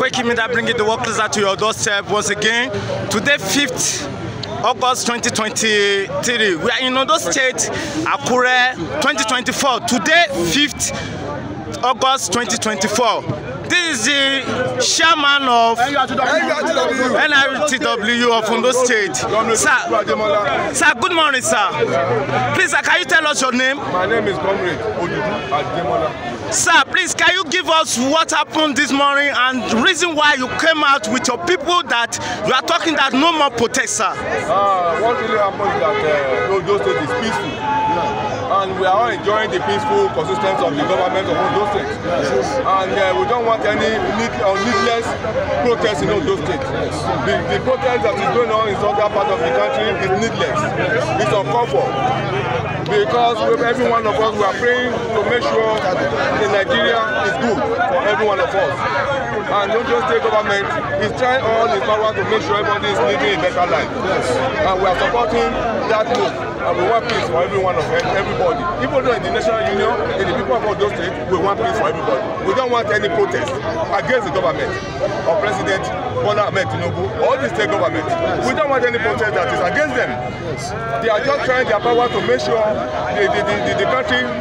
Koiki Media bringing the work closer to your doorstep once again. Today, 5th August 2023. We are in Ondo State, Akure 2024. Today, 5th August 2024. This is the chairman of NRTW of Ondo State. Sir, sir, good morning, sir. Please, sir, can you tell us your name? My name is Comrade Odudu Ademola. Sir, please, can you give us what happened this morning and reason why you came out with your people that you are talking that no more protest, sir? Uh, what really happened is that uh, Ondo State is peaceful and we are all enjoying the peaceful consistency of the government of those State. And uh, we don't want any need, uh, needless protests in Ondo State. Yes. The, the protest that is going on in other part of the country is needless. It's uncomfortable. Because with every one of us, we are praying to make sure the Nigeria is good for every one of us. And Ondo State government is trying all its power to make sure everybody is living a better life. Yes. And we are supporting that move. And we want peace for every one of everybody everybody, even though in the national union, in the people of all those states, we want peace for everybody. We don't want any protest against the government or President Bola Ahmed Tinubu or the state government. We don't want any protest that is against them. They are just trying their power to make sure the, the, the, the, the country